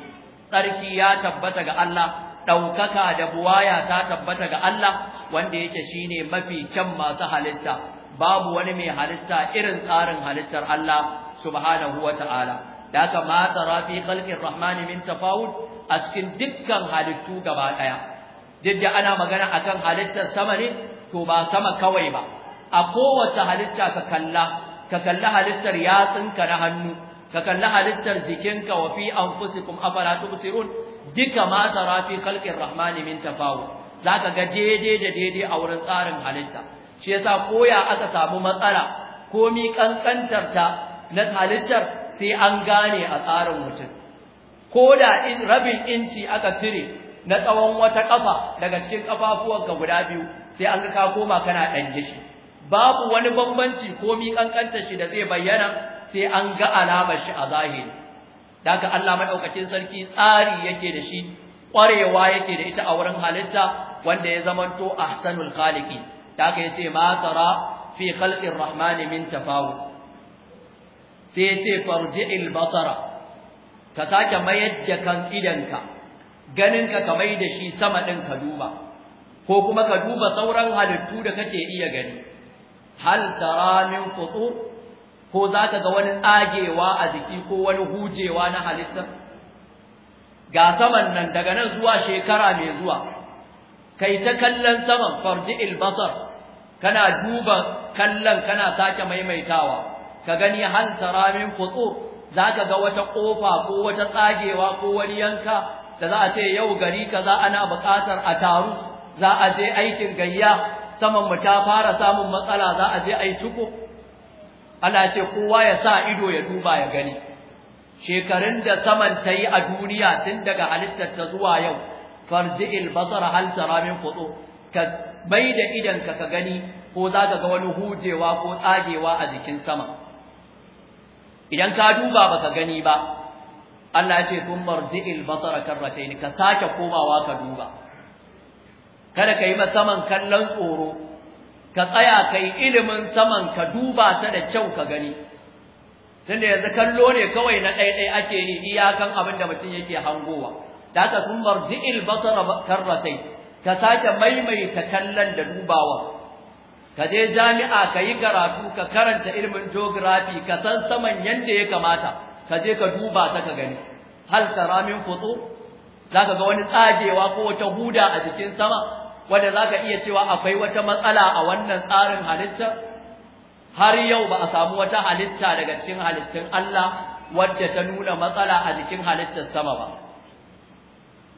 Speaker 1: tsarki ya tabbata ga Allah ɗaukaka da buwaya ta tabbata ga Allah wanda yake shine mafi kyan masu halitta babu wani mai halitta irin tsarin halittar Allah subhanahu wata'ala da haka ma tara fi rahmani min tafawud a cikin dukkan halittu gaba ɗaya. duk da ana magana akan halittar sama ne to ba sama kawai ba a kowace halitta ka kalla ka kalli halittar yatsinka na hannu ka kalli halittar jikinka wa fi kuma afala tubsirun duka ma rafi fi rahmani min tafawud zaka ga daidai da daidai a wurin tsarin halitta shi yasa koya aka samu matsala komi kankantar ta na halittar sai an gane a tsarin mutum ko da in rabin inci aka cire na tsawon wata kafa daga cikin kafafuwanka guda biyu sai an ga ka koma kana danje shi babu wani bambanci komi kankantar shi da zai bayyana sai an ga alamar shi a zahiri daga Allah madaukakin sarki tsari yake da shi kwarewa yake da ita a wurin halitta wanda ya zamanto ahsanul khaliqin da aka yace ma tara fi khalqir rahmani min tafawut sai yace farji'il basara ka sake mayar da kan idanka ganinka ka mai da shi sama ɗin ka duba ko kuma ka duba sauran halittu da kake iya gani hal tara min futur ko zaka ga wani tsagewa a jiki ko wani hujewa na halitta ga saman nan daga nan zuwa shekara mai zuwa kai ta kallon saman farji'il basar kana duba kallon kana sake maimaitawa ka gani hal tara min futur zaka ga wata kofa ko wata tsagewa ko wani yanka da za a ce yau gari kaza ana buƙatar a taru za a je aikin gayya saman mu ta fara samun matsala za a je ai ciko Allah ce kowa ya sa ido ya duba ya gani shekarun da saman ta yi a duniya tun daga halittar ta zuwa yau farji'il basar hal tara min bai da idan ka gani ko za ka ga wani hujewa ko tsagewa a jikin sama idan ka duba ba ka gani ba Allah ya ce kun marji'il basara karratayn ka sake komawa ka duba kada ka yi saman kallon tsoro ka tsaya kai ilimin saman ka duba ta da kyau ka gani tunda yanzu kallo ne kawai na ɗaiɗai ake yi iyakan abin da mutum yake hangowa da haka kun marji'il basara karratayn ka sake maimaita kallon da dubawa ka je jami'a ka yi karatu ka karanta ilimin geography ka san saman yanda ya kamata ka je ka duba ta ka gani hal tara min futu zaka ga wani tsagewa ko wata huda a jikin sama wanda zaka iya cewa akwai wata matsala a wannan tsarin halitta har yau ba a samu wata halitta daga cikin halittun Allah wadda ta nuna matsala a jikin halittar sama ba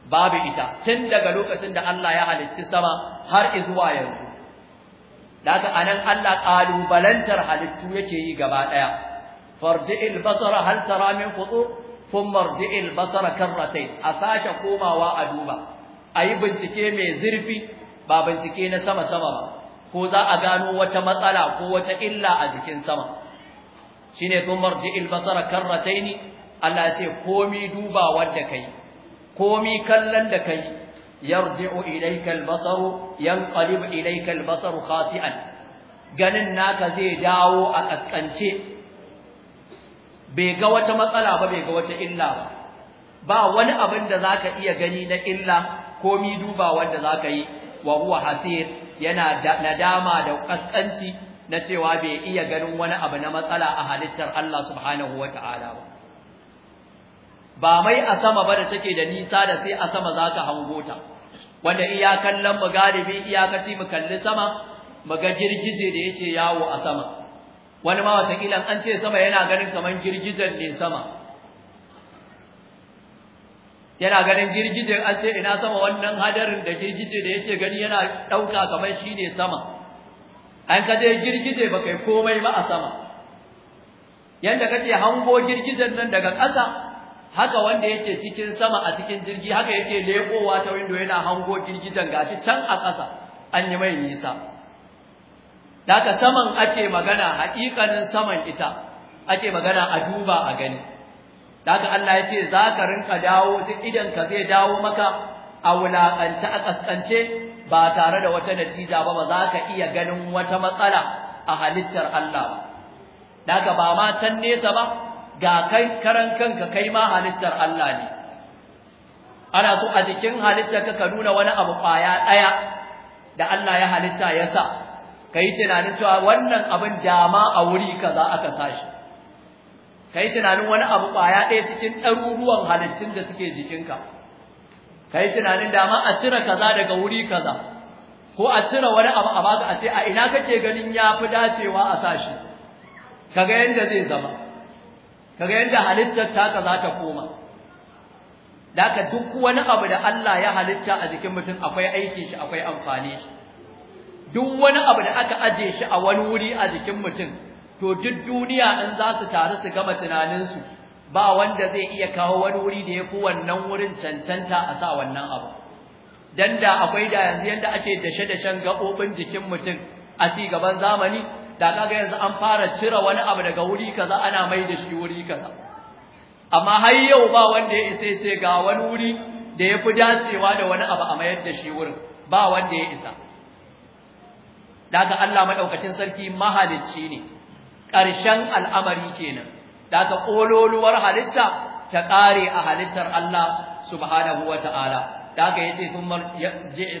Speaker 1: babu ita tun daga lokacin da Allah ya halicci sama har zuwa yanzu daga anan Allah kalubalantar halittu yake yi gaba daya farji'il basara hal tara min futur thumma rji'il basara karratayn a sace komawa a duba ayi bincike mai zurfi ba bincike na sama sama ba ko za a gano wata matsala ko wata illa a jikin sama shine thumma rji'il basara karratayn Allah ce komi duba wanda kai komi kallon da kai yarji'u ilayka al-basaru yanqalib ilayka al-basaru khati'an ganin naka zai dawo a kaskance bai ga wata matsala ba bai ga wata illa ba ba wani abin da zaka iya gani na illa komi duba wanda zaka yi wa huwa hasir yana nadama da kaskanci na cewa bai iya ganin wani abu na matsala a halittar Allah subhanahu wata'ala ba ba mai a sama ba da take da nisa da sai a sama za ka hango ta wanda iya kallon mu galibi iyakaci mu kalli sama mu ga girgije da yake yawo a sama wani ma watakilan an ce sama yana ganin kaman girgijen ne sama yana ganin girgijen an ce ina sama wannan hadarin da girgije da yake gani yana ɗauka kamar shi ne sama an ka je girgije ba kai komai ba a sama yadda kake hango girgijen nan daga ƙasa haka wanda yake cikin sama a cikin jirgi haka yake lekowa ta windo yana hango girgijan gashi can a ƙasa an yi mai nisa daga saman ake magana haƙiƙanin saman ita ake magana a duba a gani daga Allah ya ce za ka rinka dawo duk idan ka zai dawo maka a wulaƙance a ƙasƙance ba tare da wata natija ba ba za ka iya ganin wata matsala a halittar Allah ba daga ba ma can nesa ba ga kai karan kanka kai ma halittar Allah ne ana so a jikin halittar ka nuna wani abu kwaya daya da Allah ya halitta ya sa kai tunanin cewa wannan abin dama a wuri kaza aka sashi kai tunanin wani abu kwaya daya cikin ɗaruruwan halittun da suke jikinka kai tunanin dama a cire kaza daga wuri kaza ko a cire wani abu a baka a ce a ina kake ganin ya fi dacewa a sashi kaga yadda zai zama kaga yanda halittar taka za ta koma daga duk wani abu da Allah ya halitta a jikin mutum akwai aikin shi akwai amfani shi duk wani abu da aka aje shi a wani wuri a jikin mutum to duk duniya in za su taru su gama su ba wanda zai iya kawo wani wuri da ya fi wannan wurin cancanta a sa wannan abu dan da akwai da yanzu yanda ake dashe-dashen gabobin jikin mutum a ci gaban zamani da kaga yanzu an fara cire wani abu daga wuri kaza ana mai da shi wuri kaza amma har yau ba wanda ya isa ce ga wani wuri da ya fi dacewa da wani abu a mayar da shi wurin ba wanda ya isa daga Allah madaukakin sarki mahalicci ne ƙarshen al'amari kenan daga ƙololuwar halitta ta ƙare a halittar Allah subhanahu wata'ala daga yace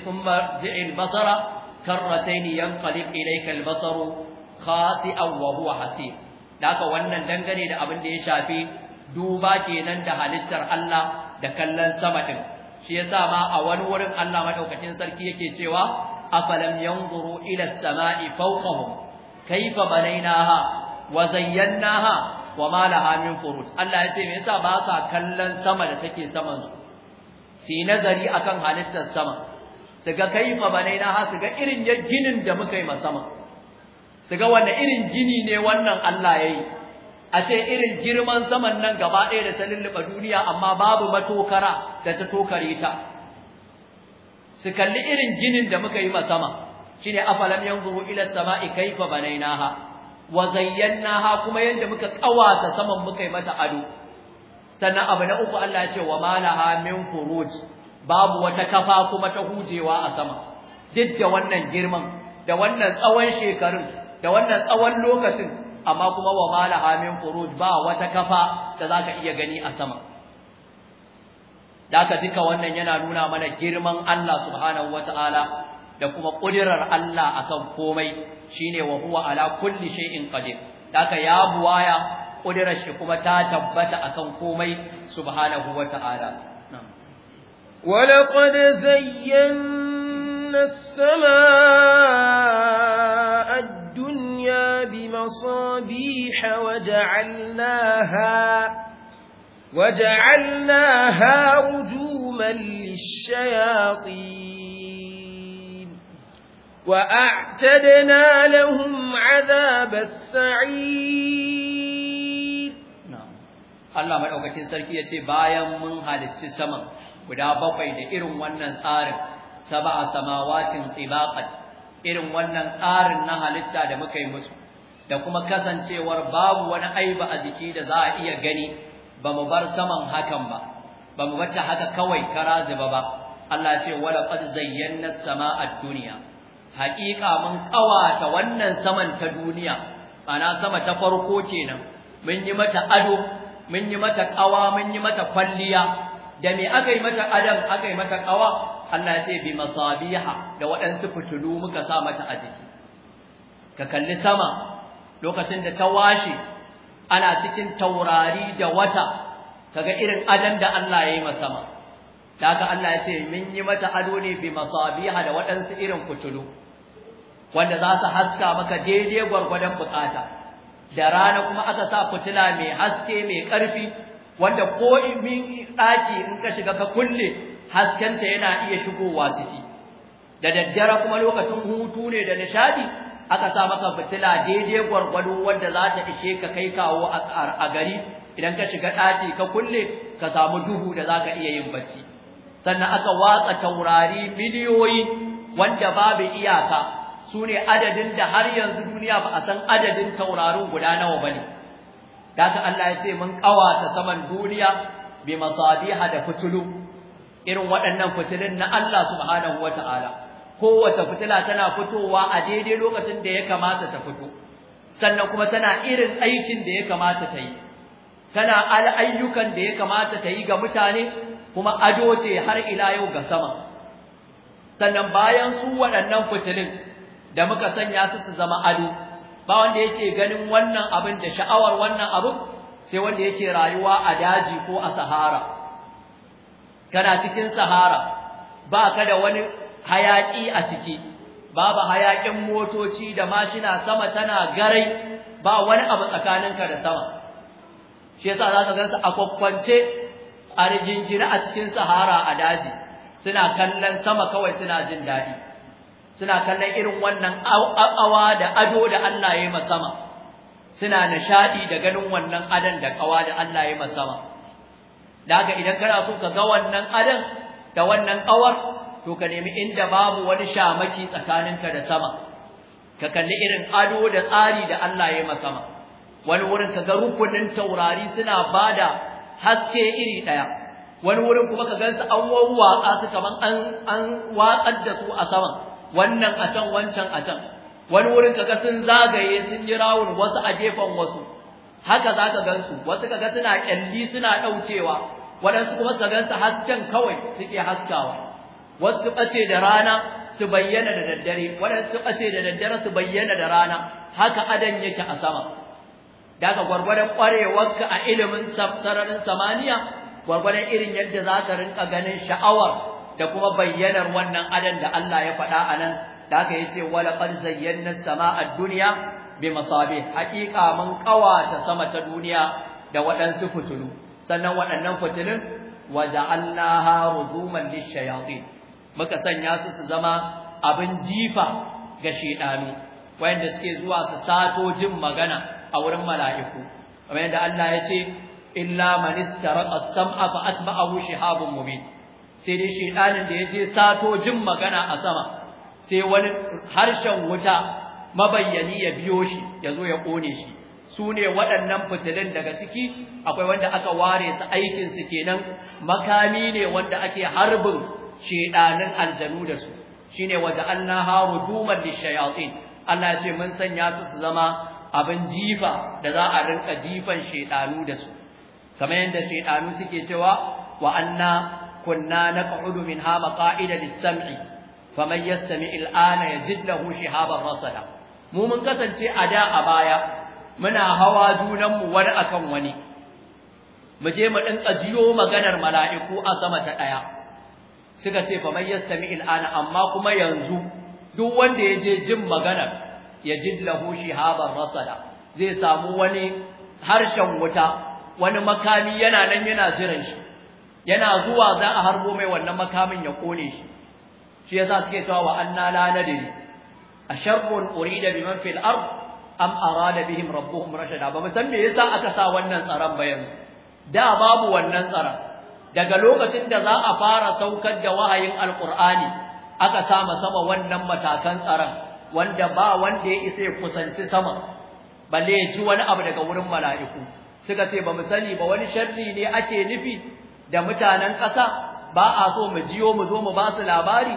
Speaker 1: thumma ji'il basara karratayn yanqalib ilayka al-basaru khati'an wa huwa hasib haka wannan dangane da abin da ya shafi duba kenan da halittar Allah da kallon sama din shi yasa ma a wani wurin Allah madaukakin sarki yake cewa afalam yanzuru ila as-sama'i fawqahum kayfa banaynaha wa zayyanaha wa ma laha min furuj Allah yace me yasa ba sa kallon sama da take saman su nazari akan halittar sama su ga kaifa bane su ga irin ginin da muka yi ma sama su ga wanda irin gini ne wannan Allah ya yi a ce irin girman saman nan gaba ɗaya da ta lulluɓa duniya amma babu matokara da ta tokare ta su kalli irin ginin da muka yi sama ne afalam yanzuru ila samai banai naha. wa zayyanaha kuma yadda muka kawata saman muka yi mata ado sannan abu na uku Allah ya ce wa malaha min furuj babu wata kafa kuma ta hujewa a sama duk da wannan girman da wannan tsawon shekarun da wannan tsawon lokacin amma kuma wa malaha min furuj ba wata kafa da zaka iya gani a sama daka duka wannan yana nuna mana girman Allah subhanahu wataala da kuma kudirar Allah akan komai shine wa huwa ala kulli shay'in qadir daka ya buwaya kudirar shi kuma ta tabbata akan komai subhanahu wataala
Speaker 2: ولقد زينا السماء الدنيا بمصابيح وجعلناها وجعلناها رجوما للشياطين وأعتدنا لهم عذاب السعير نعم
Speaker 1: الله مدعوكتين السركية بايا من هذا السمن guda bakwai da irin wannan سبع سماوات طباقا irin wannan tsarin na halitta da muka yi musu da kuma kasancewar babu wani aiba a jiki da za a iya gani ba mu bar saman hakan ba ba mu bar haka kawai kara zuba ba Allah ce wala qad zayyana as-samaa ad-dunya haqiqa mun kawata wannan saman ta duniya ana sama ta farko kenan mun yi mata ado mun yi mata ƙawa, mun yi mata kwalliya da me aka yi mata adam aka yi mata kawa Allah ya ce bi masabiha da waɗansu fitilu muka sa mata a jiki ka kalli sama lokacin da ta washe ana cikin taurari da wata kaga irin adam da Allah ya yi ma sama daga Allah ya ce min yi mata ado ne bi masabiha da waɗansu irin fitilu wanda za su haska maka daidai gwargwadon bukata da rana kuma aka sa fitila mai haske mai ƙarfi wanda ko min daki in ka shiga ka kulle haskenta yana iya shigowa ciki da daddare kuma lokacin hutu ne da nishadi aka sa maka fitila daidai gwargwado wanda za ta ishe ka kai kawo a gari idan ka shiga daki ka kulle ka samu duhu da za ka iya yin bacci sannan aka watsa taurari miliyoyi wanda babu iyaka sune adadin da har yanzu duniya ba a san adadin taurarin guda nawa bane daga Allah ya ce mun kawata saman duniya bi masabiha da fitulu irin waɗannan fitulun na Allah subhanahu wataala kowace fitila tana fitowa a daidai lokacin da ya kamata ta fito sannan kuma tana irin aikin da ya kamata ta yi tana al'ayyukan da ya kamata ta yi ga mutane kuma ado ce har ila yau ga sama sannan bayan su waɗannan fitulun da muka sanya su su zama ado ba wanda yake ganin wannan abin da sha'awar wannan abin sai wanda yake rayuwa a daji ko a sahara kana cikin sahara ba ka da wani hayaƙi a ciki babu hayaƙin motoci da mashina sama tana garai ba wani abu tsakaninka da sama shi yasa za ka gansu a kwakwance a rigingine a cikin sahara a daji suna kallon sama kawai suna jin daɗi suna kallon irin wannan awa da ado da Allah ya yi sama suna nishadi da ganin wannan adan da kawa da Allah ya yi sama daga idan kana so ka ga wannan adan da wannan kawar to ka nemi inda babu wani shamaki tsakaninka da sama ka kalli irin ado da tsari da Allah ya yi sama wani wurin ka ga rukunin taurari suna bada haske iri daya wani wurin kuma ka gansu an wawwatsa su kaman an an watsar da su a saman wannan a can wancan a can wani wurin kaga sun zagaye sun yi rawun wasu a gefen wasu haka za ka gansu wasu kaga suna kyalli suna ɗaucewa waɗansu kuma su gansu hasken kawai suke haskawa wasu su ɓace da rana su bayyana da daddare waɗansu su ɓace da daddare su bayyana da rana haka adan yake a sama daga gwargwadon ƙwarewarka a ilimin sararin samaniya gwargwadon irin yadda za ka rinka ganin sha'awar da kuma bayyanar wannan adan da Allah ya faɗa a nan da aka yace wala qad zayyanna samaa ad-dunya bi masabih haqiqa mun qawata sama ta duniya da waɗansu fitulu sannan waɗannan fitilun wa ja'alnaha rujuman lish-shayatin muka sanya su su zama abin jifa ga shedanu wayanda suke zuwa su sato jin magana a wurin mala'iku kamar yadda Allah ya ce illa man istaraqa as-sam'a fa atba'ahu shihabun mubin sai dai shedanin da yaje sato jin magana a sama sai wani harshen wuta mabayyani ya biyo shi ya zo ya kone shi su ne waɗannan fitilin daga ciki akwai wanda aka ware su aikin su kenan makami ne wanda ake harbin shedanin aljanu da su shine waje annaha rutuman lishayatin Allah ya ce mun sanya su su zama abin jifa da za a rinka jifan shedanu da su kamar yadda shedanu suke cewa wa anna kunna naq'udu minha maqa'ida lis-sam'i faman yastami' al-ana yajid lahu shihaban rasada mu mun kasance a da a baya muna hawa junanmu mu wani akan wani mu je mu dinka jiyo maganar mala'iku a sama ta ɗaya, suka ce faman yastami' al amma kuma yanzu duk wanda ya je jin maganar yajid lahu shihaban rasada zai samu wani harshen wuta wani makami yana nan yana jiran shi yana zuwa za a harbo mai wannan makamin ya kone shi shi yasa suke cewa wa anna la nadri asharrun urida biman fil ard am arada bihim rabbuhum rashada ba san me yasa aka sa wannan tsaron bayan da babu wannan tsaron daga lokacin da za a fara saukar da wahayin alqur'ani aka sama sama wannan matakan tsaron wanda ba wanda ya isa ya kusanci sama balle ya ji wani abu daga wurin mala'iku suka ce ba mu sani ba wani sharri ne ake nufi da mutanen ƙasa ba a so mu jiyo mu zo mu ba su labari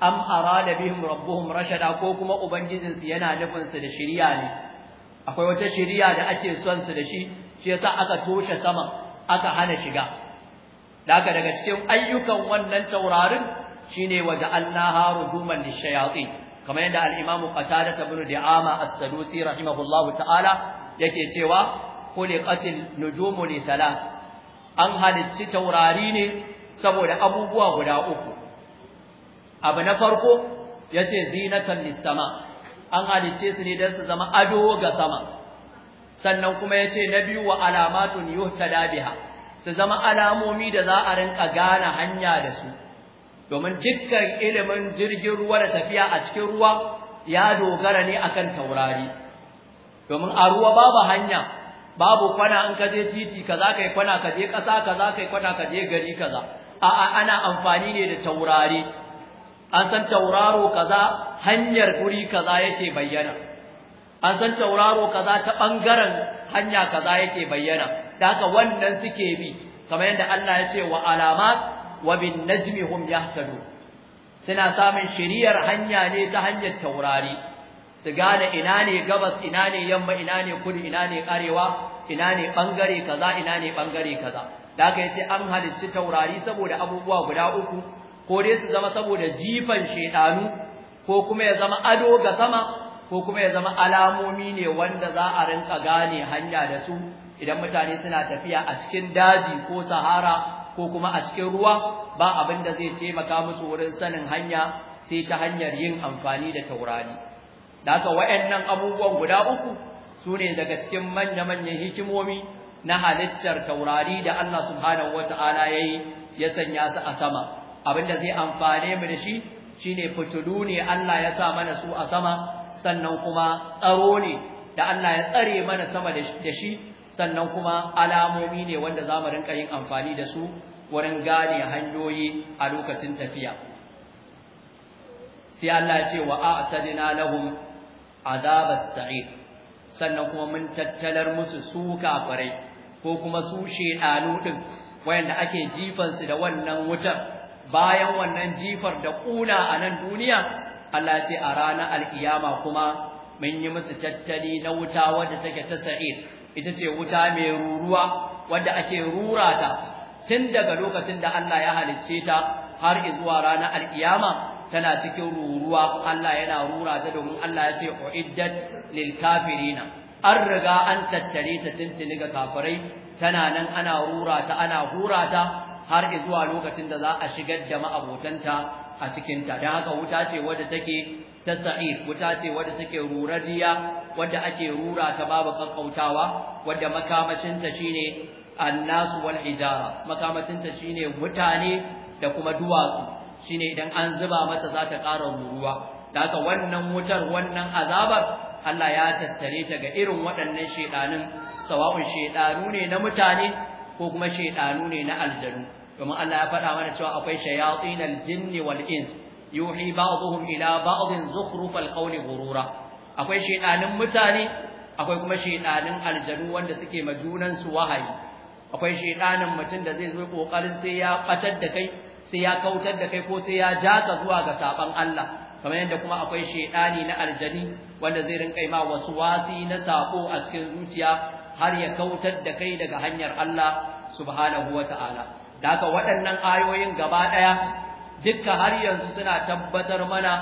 Speaker 1: am arada bihim rabbuhum rashada ko kuma ubangijinsu yana nufin su da shiriya ne akwai wata shiriya da ake son su da shi shi yasa aka toshe sama aka hana shiga daga daga cikin ayyukan wannan taurarin shine waje annaha rujuman lishayatin kamar yadda al-imamu qatada ibn di'ama as-sadusi rahimahullahu ta'ala yake cewa khuliqatil nujumu li salat an halicci taurari ne saboda abubuwa guda uku abu na farko yace zinatan lis-sama an halicce su ne don su zama ado ga sama sannan kuma yace na biyu wa alamatun yuhtada biha su zama alamomi da za a rinka gane hanya da su domin dukkan ilimin jirgin ruwa da tafiya a cikin ruwa ya dogara ne akan taurari domin a ruwa babu hanya babu kwana in ka je titi kaza kai kwana ka je ƙasa kaza kai kwana ka je gari kaza a'a ana amfani ne da taurari an san tauraro kaza hanyar guri kaza yake bayyana an san tauraro kaza ta bangaren hanya kaza yake bayyana da wannan suke bi kamar yadda Allah ya ce wa alamat wa bin najmihum yahtadu suna samun shiriyar hanya ne ta hanyar taurari su gane ina ne gabas ina ne yamma ina ne kudu ina ne arewa ina ne bangare kaza ina ne bangare kaza da aka yace an halicci taurari saboda abubuwa guda uku ko dai su zama saboda jifan shedanu ko kuma ya zama ado ga sama ko kuma ya zama alamomi ne wanda za a rinka gane hanya da su idan mutane suna tafiya a cikin daji ko sahara ko kuma a cikin ruwa ba abin da zai taimaka musu wurin sanin hanya sai ta hanyar yin amfani da taurari da haka wayannan abubuwan guda uku su ne daga cikin manya-manyan hikimomi na halittar taurari da Allah subhanahu wataala yayi ya sanya su a sama Abin da zai amfane mu da shi shi ne fitilu ne Allah ya sa mana su a sama sannan kuma tsaro ne da Allah ya tsare mana sama da shi sannan kuma alamomi ne wanda za mu rinka yin amfani da su wurin gane hanyoyi a lokacin tafiya sai Allah ya ce wa a'tadina lahum azabat sa'ir sannan kuma mun tattalar musu suka kafirai ko kuma su shedanu din wayanda ake jifan su da wannan wutar bayan wannan jifar da ƙuna a nan duniya Allah ce a ranar alkiyama kuma mun yi musu tattali na wuta wadda take ta sa'id ita ce wuta mai ruruwa wadda ake rura ta tun daga lokacin da Allah ya halicce ta har zuwa ranar alkiyama tana cikin ruruwa Allah yana rura ta domin Allah ya ce uiddat lil kafirina an riga an tattare ta tuntuni ga kafirai tana nan ana rura ta ana hura ta har zuwa lokacin da za a shigar da ma'abotanta a cikin ta dan haka wuta ce wadda take ta sa'ir wuta ce wadda take rurariya wadda ake rura ta babu kakkautawa wadda makamacinta shine annasu wal hijara makamacinta shine mutane da kuma duwatsu shine idan an zuba mata za ta ƙara ruruwa daga wannan wutar wannan azabar Allah ya tattare ta ga irin waɗannan shedanin sawa'un shedanu ne na mutane ko kuma shedanu ne na aljanu domin Allah ya faɗa mana cewa akwai shayatinal jinni wal ins yuhi ba'dhum ila ba'dhin zukhrufal qawli ghurura akwai shedanin mutane akwai kuma shedanin aljanu wanda suke majunan su wahayi akwai shedanin mutum da zai zo kokarin sai ya batar da kai sai ya kautar da kai ko sai ya ja ka zuwa ga saban Allah kamar yadda kuma akwai shedani na aljani wanda zai rinka ma wasu wasi na sako a cikin zuciya har ya kautar da kai daga hanyar Allah subhanahu wataala da haka waɗannan ayoyin gaba ɗaya dukka har yanzu suna tabbatar mana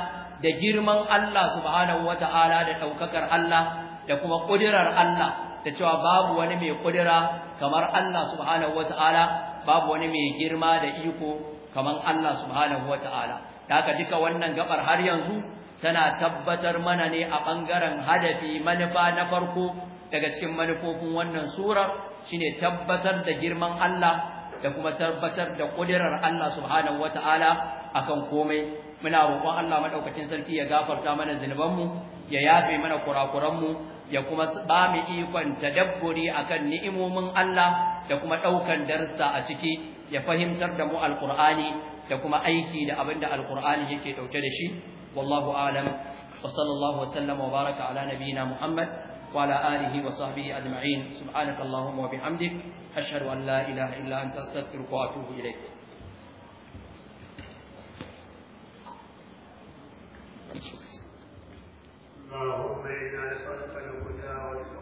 Speaker 1: da girman Allah subhanahu wataala da ɗaukakar Allah da kuma ƙudirar Allah da cewa babu wani mai ƙudira kamar Allah subhanahu wataala babu wani mai girma da iko kamar Allah subhanahu wataala haka duka wannan gabar har yanzu tana tabbatar mana ne a bangaren hadafi manufa na farko daga cikin manufofin wannan sura shine tabbatar da girman Allah da kuma tabbatar da ƙudirar Allah subhanahu ta'ala akan komai muna roƙon Allah maɗaukacin sarki ya gafarta mana mu, ya yafe mana mu, ya kuma ba mu ikon tadabburi akan ni'imomin Allah da kuma ɗaukan darsa a ciki ya fahimtar da mu alqur'ani da kuma aiki da abin da alqur'ani yake dauke da shi wallahu alam wa sallallahu wasallama wa baraka ala nabiyyina muhammad wa ala alihi wa sahbihi ajma'in subhanaka allahumma wa bihamdik ashhadu an la ilaha illa anta astaghfiruka wa atubu ilayk
Speaker 2: اللهم انا نسالك الهدى